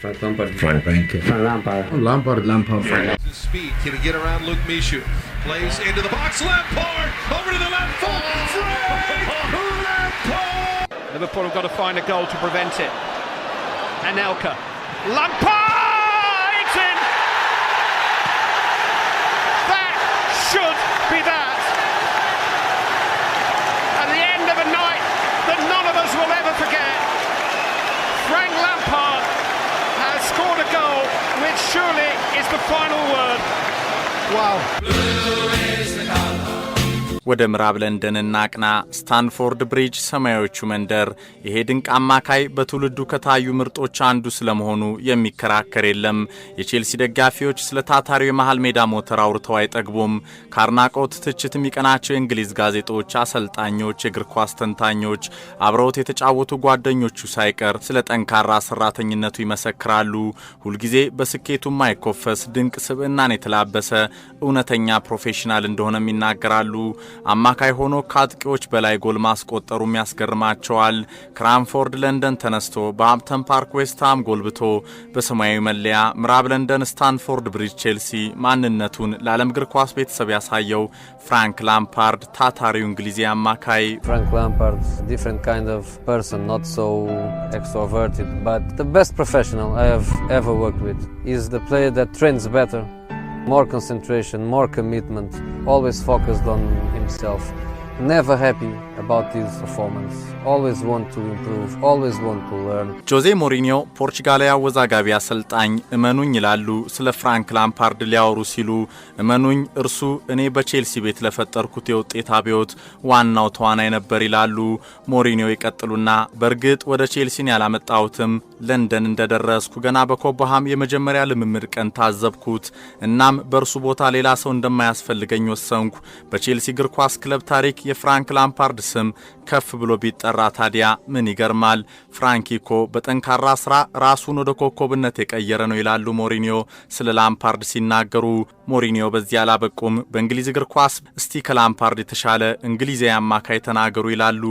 Frank Lampard. Frank, Frank. Frank Lampard. Lampard. Lampard. Frank. Speed. Can he get around Luke Mishu? Plays into the box. Lampard over to the left foot. Frank Lampard. Liverpool have got to find a goal to prevent it. Anelka. Lampard. Wow. ወደ ምዕራብ ለንደን እናቅና። ስታንፎርድ ብሪጅ ሰማያዊቹ መንደር። ይሄ ድንቅ አማካይ በትውልዱ ከታዩ ምርጦች አንዱ ስለመሆኑ የሚከራከር የለም። የቼልሲ ደጋፊዎች ስለ ታታሪው የመሃል ሜዳ ሞተር አውርተው አይጠግቡም። ከአድናቆት ትችት የሚቀናቸው የእንግሊዝ ጋዜጦች፣ አሰልጣኞች፣ የእግር ኳስ ተንታኞች፣ አብረውት የተጫወቱ ጓደኞቹ ሳይቀር ስለ ጠንካራ ሰራተኝነቱ ይመሰክራሉ። ሁልጊዜ በስኬቱ የማይኮፈስ ድንቅ ስብዕናን የተላበሰ እውነተኛ ፕሮፌሽናል እንደሆነም ይናገራሉ። አማካይ ሆኖ ከአጥቂዎች በላይ ጎል ማስቆጠሩም ያስገርማቸዋል። ክራንፎርድ ለንደን ተነስቶ በሀምተን ፓርክ ዌስትሃም ጎልብቶ በሰማያዊ መለያ ምዕራብ ለንደን ስታንፎርድ ብሪጅ ቼልሲ ማንነቱን ለዓለም እግር ኳስ ቤተሰብ ያሳየው ፍራንክ ላምፓርድ ታታሪው እንግሊዜ አማካይ ፍራንክ More concentration, more commitment, always focused on himself, never happy, about his performance. Always want to improve, always want to learn. ጆዜ ሞሪኒዮ ፖርቹጋላዊ አወዛጋቢ አሰልጣኝ እመኑኝ ይላሉ ስለ ፍራንክ ላምፓርድ ሊያወሩ ሲሉ። እመኑኝ እርሱ እኔ በቼልሲ ቤት ለፈጠርኩት የውጤት አብዮት ዋናው ተዋናይ ነበር ይላሉ ሞሪኒዮ ይቀጥሉና በእርግጥ ወደ ቼልሲን ያላመጣሁትም ለንደን እንደደረስኩ ገና በኮበሃም የመጀመሪያ ልምምድ ቀን ታዘብኩት። እናም በእርሱ ቦታ ሌላ ሰው እንደማያስፈልገኝ ወሰንኩ። በቼልሲ እግር ኳስ ክለብ ታሪክ የፍራንክ ላምፓርድ ስም ስም ከፍ ብሎ ቢጠራ ታዲያ ምን ይገርማል? ፍራንኪኮ በጠንካራ ስራ ራሱን ወደ ኮከብነት የቀየረ ነው ይላሉ ሞሪኒዮ ስለ ላምፓርድ ሲናገሩ። ሞሪኒዮ በዚህ አላበቁም። በእንግሊዝ እግር ኳስ እስቲ ከላምፓርድ የተሻለ እንግሊዛዊ አማካይ ተናገሩ ይላሉ።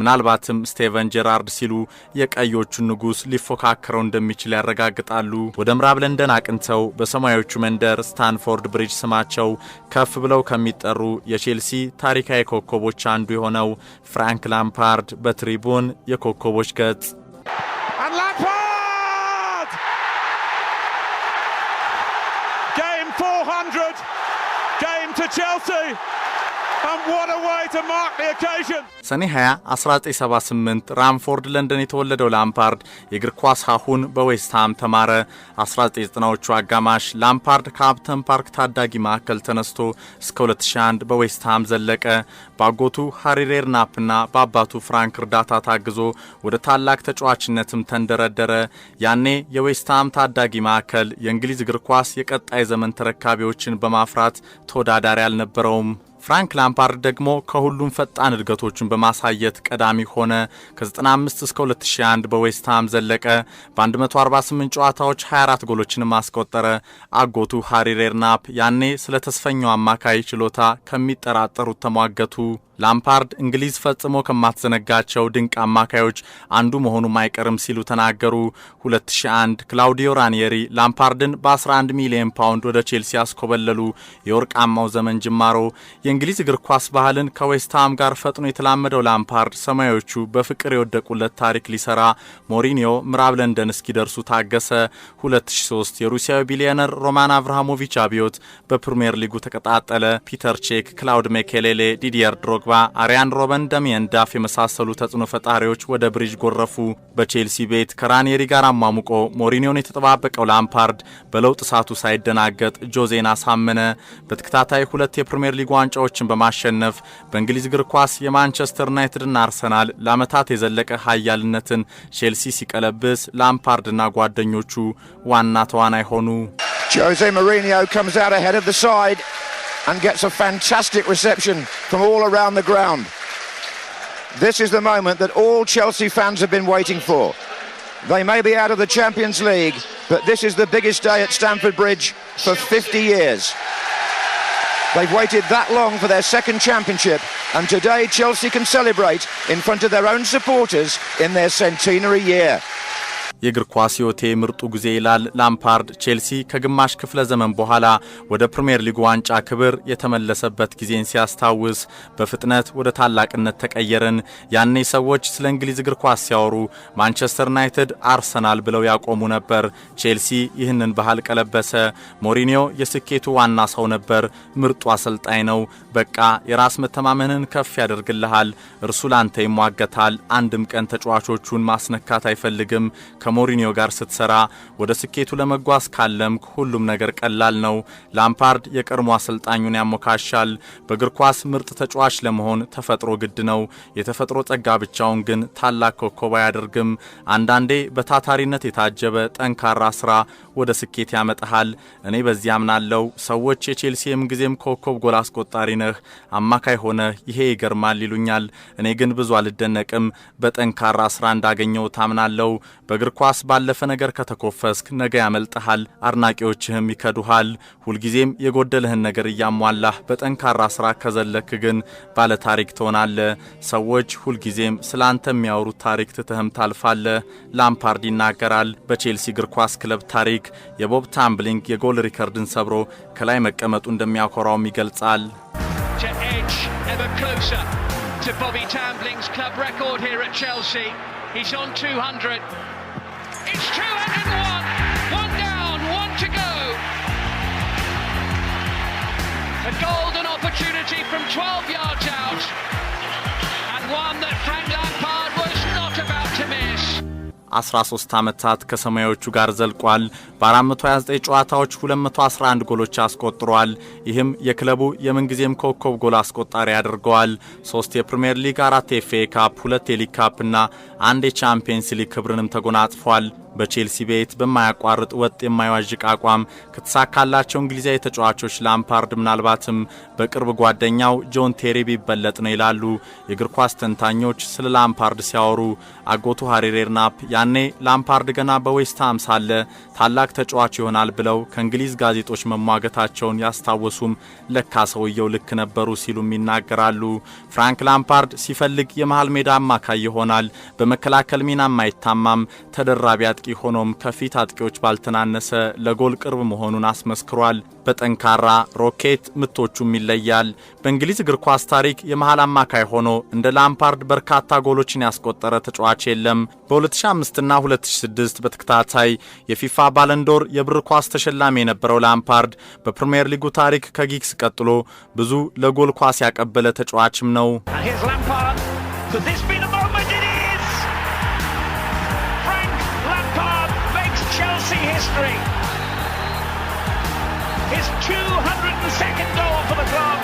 ምናልባትም ስቴቨን ጄራርድ ሲሉ የቀዮቹን ንጉሥ ሊፎካከረው እንደሚችል ያረጋግጣሉ። ወደ ምዕራብ ለንደን አቅንተው በሰማዮቹ መንደር ስታንፎርድ ብሪጅ ስማቸው ከፍ ብለው ከሚጠሩ የቼልሲ ታሪካዊ ኮከቦች አንዱ የሆነው ፍራንክ ላምፓርድ በትሪቡን የኮከቦች ገጽ Chelsea ሰኔ 20 1978 ራምፎርድ ለንደን የተወለደው ላምፓርድ የእግር ኳስ ሀሁን በዌስትሃም ተማረ። 1990ዎቹ አጋማሽ ላምፓርድ ከሀብተን ፓርክ ታዳጊ ማዕከል ተነስቶ እስከ 2001 በዌስትሃም ዘለቀ። ባጎቱ ሃሪ ሬርናፕና በአባቱ ፍራንክ እርዳታ ታግዞ ወደ ታላቅ ተጫዋችነትም ተንደረደረ። ያኔ የዌስትሃም ታዳጊ ማዕከል የእንግሊዝ እግር ኳስ የቀጣይ ዘመን ተረካቢዎችን በማፍራት ተወዳዳሪ አልነበረውም። ፍራንክ ላምፓርድ ደግሞ ከሁሉም ፈጣን እድገቶችን በማሳየት ቀዳሚ ሆነ። ከ95 እስከ 2001 በዌስትሃም ዘለቀ። በ148 ጨዋታዎች 24 ጎሎችን አስቆጠረ። አጎቱ ሃሪ ሬርናፕ ያኔ ስለ ተስፈኛው አማካይ ችሎታ ከሚጠራጠሩት ተሟገቱ። ላምፓርድ እንግሊዝ ፈጽሞ ከማትዘነጋቸው ድንቅ አማካዮች አንዱ መሆኑም አይቀርም ሲሉ ተናገሩ። 2001 ክላውዲዮ ራኒየሪ ላምፓርድን በ11 ሚሊዮን ፓውንድ ወደ ቼልሲ ያስኮበለሉ የወርቃማው ዘመን ጅማሮ። የእንግሊዝ እግር ኳስ ባህልን ከዌስትሃም ጋር ፈጥኖ የተላመደው ላምፓርድ ሰማዮቹ በፍቅር የወደቁለት ታሪክ ሊሰራ ሞሪኒዮ ምዕራብ ለንደን እስኪደርሱ ታገሰ። 2003 የሩሲያዊ ቢሊዮነር ሮማን አብርሃሞቪች አብዮት በፕሪምየር ሊጉ ተቀጣጠለ። ፒተር ቼክ፣ ክላውድ ሜኬሌሌ፣ ዲዲየር ድሮግ ሲያግባ አሪያን ሮበን፣ ደሚየን ዳፍ የመሳሰሉ ተጽዕኖ ፈጣሪዎች ወደ ብሪጅ ጎረፉ። በቼልሲ ቤት ከራኔሪ ጋር አሟሙቆ ሞሪኒዮን የተጠባበቀው ላምፓርድ በለውጥ እሳቱ ሳይደናገጥ ጆዜን አሳመነ። በተከታታይ ሁለት የፕሪምየር ሊግ ዋንጫዎችን በማሸነፍ በእንግሊዝ እግር ኳስ የማንቸስተር ዩናይትድና አርሰናል ለዓመታት የዘለቀ ኃያልነትን ቼልሲ ሲቀለብስ ላምፓርድና ጓደኞቹ ዋና ተዋናይ ሆኑ። Jose Mourinho comes out ahead of the side. and gets a fantastic reception from all around the ground. This is the moment that all Chelsea fans have been waiting for. They may be out of the Champions League, but this is the biggest day at Stamford Bridge for 50 years. They've waited that long for their second championship, and today Chelsea can celebrate in front of their own supporters in their centenary year. የእግር ኳስ ሕይወቴ ምርጡ ጊዜ ይላል ላምፓርድ። ቼልሲ ከግማሽ ክፍለ ዘመን በኋላ ወደ ፕሪምየር ሊግ ዋንጫ ክብር የተመለሰበት ጊዜን ሲያስታውስ በፍጥነት ወደ ታላቅነት ተቀየርን። ያኔ ሰዎች ስለ እንግሊዝ እግር ኳስ ሲያወሩ ማንቸስተር ዩናይትድ፣ አርሰናል ብለው ያቆሙ ነበር። ቼልሲ ይህንን ባህል ቀለበሰ። ሞሪኒዮ የስኬቱ ዋና ሰው ነበር። ምርጡ አሰልጣኝ ነው። በቃ የራስ መተማመንን ከፍ ያደርግልሃል። እርሱ ላንተ ይሟገታል። አንድም ቀን ተጫዋቾቹን ማስነካት አይፈልግም። ከሞሪኒዮ ጋር ስትሰራ ወደ ስኬቱ ለመጓዝ ካለምክ ሁሉም ነገር ቀላል ነው። ላምፓርድ የቀድሞ አሰልጣኙን ያሞካሻል። በእግር ኳስ ምርጥ ተጫዋች ለመሆን ተፈጥሮ ግድ ነው። የተፈጥሮ ጸጋ ብቻውን ግን ታላቅ ኮከብ አያደርግም። አንዳንዴ በታታሪነት የታጀበ ጠንካራ ስራ ወደ ስኬት ያመጣሃል። እኔ በዚህ አምናለው። ሰዎች የቼልሲ ምንጊዜም ኮከብ ጎል አስቆጣሪ ነህ፣ አማካይ ሆነ ይሄ ይገርማል ይሉኛል። እኔ ግን ብዙ አልደነቅም። በጠንካራ ስራ እንዳገኘው ታምናለው። በእግር ኳስ ባለፈ ነገር ከተኮፈስክ ነገ ያመልጥሃል፣ አድናቂዎችህም ይከዱሃል። ሁልጊዜም የጎደለህን ነገር እያሟላህ በጠንካራ ስራ ከዘለክ ግን ባለታሪክ ትሆናለ ሰዎች ሁልጊዜም ስለ አንተ የሚያወሩት ታሪክ ትተህም ታልፋለ። ላምፓርድ ይናገራል። በቼልሲ እግር ኳስ ክለብ ታሪክ የቦብ ታምብሊንግ የጎል ሪከርድን ሰብሮ ከላይ መቀመጡ እንደሚያኮራውም ይገልጻል። Bobby Tambling's club record here at Chelsea. He's on 200 It's two and One One down, one to go. A golden opportunity from 12 yards out. And one that thanks 13 ዓመታት ከሰማያዎቹ ጋር ዘልቋል። በ429 ጨዋታዎች 211 ጎሎች አስቆጥሯል። ይህም የክለቡ የምንጊዜም ኮከብ ጎል አስቆጣሪ አድርገዋል። ሶስት የፕሪምየር ሊግ፣ አራት የኤፍኤ ካፕ፣ ሁለት የሊግ ካፕና አንድ የቻምፒየንስ ሊግ ክብርንም ተጎናጽፏል። በቼልሲ ቤት በማያቋርጥ ወጥ የማይዋዥቅ አቋም ከተሳካላቸው እንግሊዛዊ ተጫዋቾች ላምፓርድ ምናልባትም በቅርብ ጓደኛው ጆን ቴሪ ቢበለጥ ነው ይላሉ የእግር ኳስ ተንታኞች ስለ ላምፓርድ ሲያወሩ። አጎቱ ሃሪ ሬርናፕ ያኔ ላምፓርድ ገና በዌስትሃም ሳለ ታላቅ ተጫዋች ይሆናል ብለው ከእንግሊዝ ጋዜጦች መሟገታቸውን ያስታወሱም ለካ ሰውየው ልክ ነበሩ ሲሉም ይናገራሉ። ፍራንክ ላምፓርድ ሲፈልግ የመሃል ሜዳ አማካይ ይሆናል። በመከላከል ሚናም አይታማም። ተደራቢ አጥቂ አጥቂ ሆኖም ከፊት አጥቂዎች ባልተናነሰ ለጎል ቅርብ መሆኑን አስመስክሯል። በጠንካራ ሮኬት ምቶቹም ይለያል። በእንግሊዝ እግር ኳስ ታሪክ የመሃል አማካይ ሆኖ እንደ ላምፓርድ በርካታ ጎሎችን ያስቆጠረ ተጫዋች የለም። በ2005 ና 2006 በተከታታይ የፊፋ ባለንዶር የብር ኳስ ተሸላሚ የነበረው ላምፓርድ በፕሪምየር ሊጉ ታሪክ ከጊግስ ቀጥሎ ብዙ ለጎል ኳስ ያቀበለ ተጫዋችም ነው። Lampard makes Chelsea history. His 202nd goal for the club,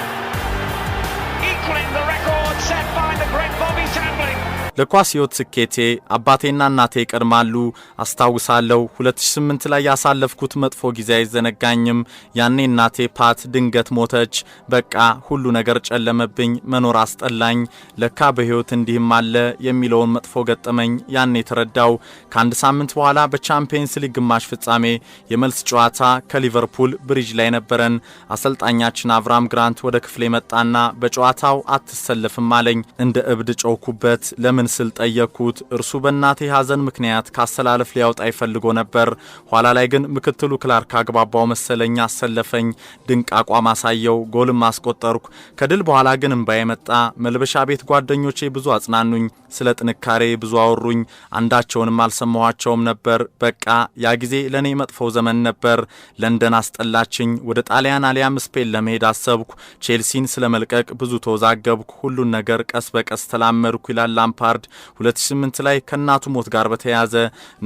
equaling the record set by the great Bobby Tambling. ለኳስ ህይወት ስኬቴ አባቴና እናቴ ይቀድማሉ። አስታውሳለሁ 2008 ላይ ያሳለፍኩት መጥፎ ጊዜ አይዘነጋኝም። ያኔ እናቴ ፓት ድንገት ሞተች። በቃ ሁሉ ነገር ጨለመብኝ፣ መኖር አስጠላኝ። ለካ በህይወት እንዲህም አለ የሚለውን መጥፎ ገጠመኝ ያኔ ተረዳው ከአንድ ሳምንት በኋላ በቻምፒየንስ ሊግ ግማሽ ፍጻሜ የመልስ ጨዋታ ከሊቨርፑል ብሪጅ ላይ ነበረን። አሰልጣኛችን አብርሃም ግራንት ወደ ክፍሌ መጣና በጨዋታው አትሰለፍም አለኝ። እንደ እብድ ጮኩበት። ለምን ምን ስል ጠየቅኩት። እርሱ በእናቴ ሐዘን ምክንያት ካሰላለፍ ሊያወጣ ይፈልጎ ነበር። ኋላ ላይ ግን ምክትሉ ክላርክ አግባባው መሰለኝ፣ አሰለፈኝ። ድንቅ አቋም አሳየው፣ ጎልም አስቆጠርኩ። ከድል በኋላ ግን እምባ የመጣ መልበሻ ቤት ጓደኞቼ ብዙ አጽናኑኝ፣ ስለ ጥንካሬ ብዙ አወሩኝ። አንዳቸውንም አልሰማኋቸውም ነበር። በቃ ያ ጊዜ ለእኔ መጥፎው ዘመን ነበር። ለንደን አስጠላችኝ። ወደ ጣሊያን አሊያም ስፔን ለመሄድ አሰብኩ። ቼልሲን ስለ መልቀቅ ብዙ ተወዛገብኩ። ሁሉን ነገር ቀስ በቀስ ተላመድኩ ይላል ላምፓር ሪካርድ 2008 ላይ ከእናቱ ሞት ጋር በተያያዘ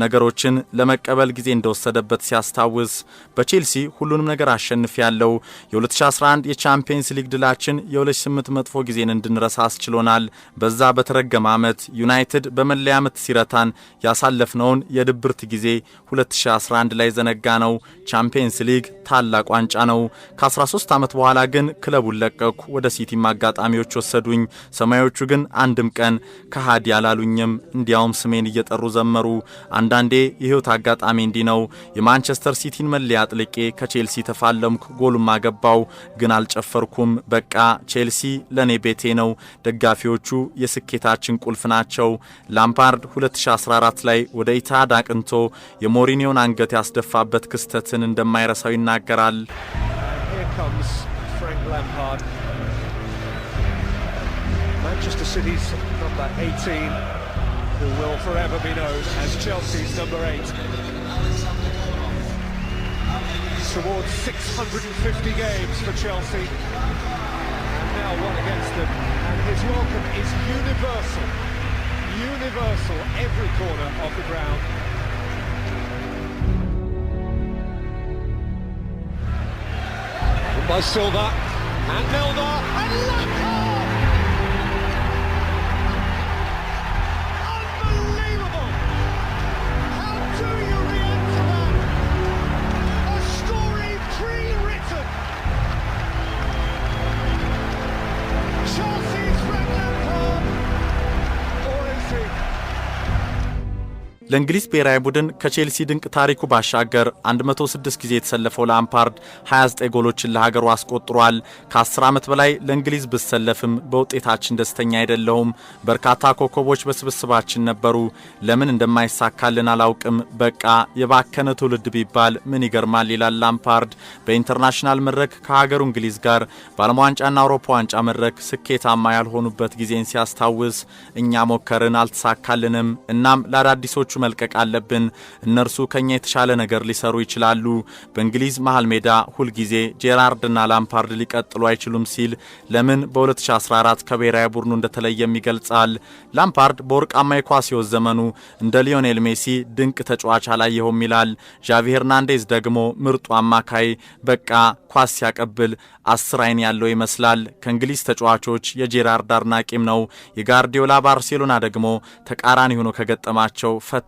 ነገሮችን ለመቀበል ጊዜ እንደወሰደበት ሲያስታውስ በቼልሲ ሁሉንም ነገር አሸንፍ ያለው የ2011 የቻምፒየንስ ሊግ ድላችን የ2008 መጥፎ ጊዜን እንድንረሳ አስችሎናል። በዛ በተረገመ ዓመት ዩናይትድ በመለያ ምት ሲረታን ያሳለፍነውን የድብርት ጊዜ 2011 ላይ ዘነጋ ነው። ቻምፒየንስ ሊግ ታላቅ ዋንጫ ነው። ከ13 ዓመት በኋላ ግን ክለቡን ለቀኩ። ወደ ሲቲም አጋጣሚዎች ወሰዱኝ። ሰማዮቹ ግን አንድም ቀን ከሀ ፈቃድ ያላሉኝም። እንዲያውም ስሜን እየጠሩ ዘመሩ። አንዳንዴ የሕይወት አጋጣሚ እንዲህ ነው። የማንቸስተር ሲቲን መለያ አጥልቄ ከቼልሲ ተፋለምኩ፣ ጎልም አገባው፣ ግን አልጨፈርኩም። በቃ ቼልሲ ለእኔ ቤቴ ነው። ደጋፊዎቹ የስኬታችን ቁልፍ ናቸው። ላምፓርድ 2014 ላይ ወደ ኢታድ አቅንቶ የሞሪኒዮን አንገት ያስደፋበት ክስተትን እንደማይረሳው ይናገራል። Manchester City's number 18, who will forever be known as Chelsea's number 8. Towards 650 games for Chelsea, and now one against them. And his welcome is universal, universal, every corner of the ground. By Silva, and Milner, and Lacazette! ለእንግሊዝ ብሔራዊ ቡድን ከቼልሲ ድንቅ ታሪኩ ባሻገር 106 ጊዜ የተሰለፈው ላምፓርድ 29 ጎሎችን ለሀገሩ አስቆጥሯል። ከ10 ዓመት በላይ ለእንግሊዝ ብሰለፍም በውጤታችን ደስተኛ አይደለሁም። በርካታ ኮከቦች በስብስባችን ነበሩ። ለምን እንደማይሳካልን አላውቅም። በቃ የባከነ ትውልድ ቢባል ምን ይገርማል ይላል ላምፓርድ። በኢንተርናሽናል መድረክ ከሀገሩ እንግሊዝ ጋር በዓለም ዋንጫና አውሮፓ ዋንጫ መድረክ ስኬታማ ያልሆኑበት ጊዜን ሲያስታውስ እኛ ሞከርን፣ አልተሳካልንም። እናም ለአዳዲሶቹ መልቀቅ አለብን። እነርሱ ከኛ የተሻለ ነገር ሊሰሩ ይችላሉ። በእንግሊዝ መሃል ሜዳ ሁልጊዜ ጄራርድና ላምፓርድ ሊቀጥሉ አይችሉም ሲል ለምን በ2014 ከብሔራዊ ቡድኑ እንደተለየም ይገልጻል። ላምፓርድ በወርቃማ የኳስ ሕይወት ዘመኑ እንደ ሊዮኔል ሜሲ ድንቅ ተጫዋች አላየሁም ይላል። ዣቪ ሄርናንዴዝ ደግሞ ምርጡ አማካይ፣ በቃ ኳስ ሲያቀብል አስር አይን ያለው ይመስላል። ከእንግሊዝ ተጫዋቾች የጄራርድ አድናቂም ነው። የጋርዲዮላ ባርሴሎና ደግሞ ተቃራኒ ሆኖ ከገጠማቸው ፈት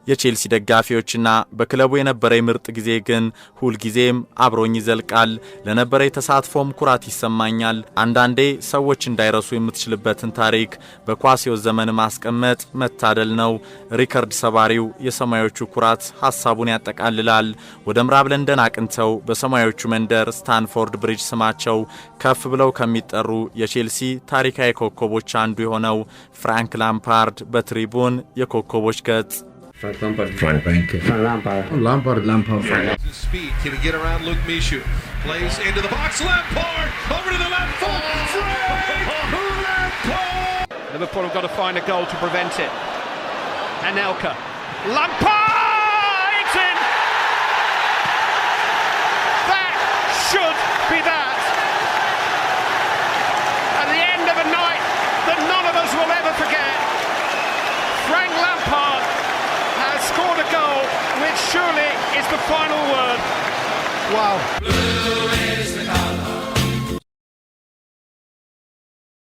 የቼልሲ ደጋፊዎችና በክለቡ የነበረ ምርጥ ጊዜ ግን ሁልጊዜም አብሮኝ ይዘልቃል። ለነበረ ተሳትፎም ኩራት ይሰማኛል። አንዳንዴ ሰዎች እንዳይረሱ የምትችልበትን ታሪክ በኳስ ዘመን ማስቀመጥ መታደል ነው። ሪከርድ ሰባሪው የሰማዮቹ ኩራት ሀሳቡን ያጠቃልላል። ወደ ምዕራብ ለንደን አቅንተው በሰማዮቹ መንደር ስታንፎርድ ብሪጅ ስማቸው ከፍ ብለው ከሚጠሩ የቼልሲ ታሪካዊ ኮከቦች አንዱ የሆነው ፍራንክ ላምፓርድ በትሪቡን የኮከቦች ገጽ Frank Lampard. Frank, Frank. Frank Lampard. Oh, Lampard. Lampard. Lampard. Speed. Can he get around Luke Mishu? Plays into the box. Lampard over to the left foot. Frank Lampard. Liverpool have got to find a goal to prevent it. Anelka. Lampard! It's in. That should be that. the final word. Wow. Blue.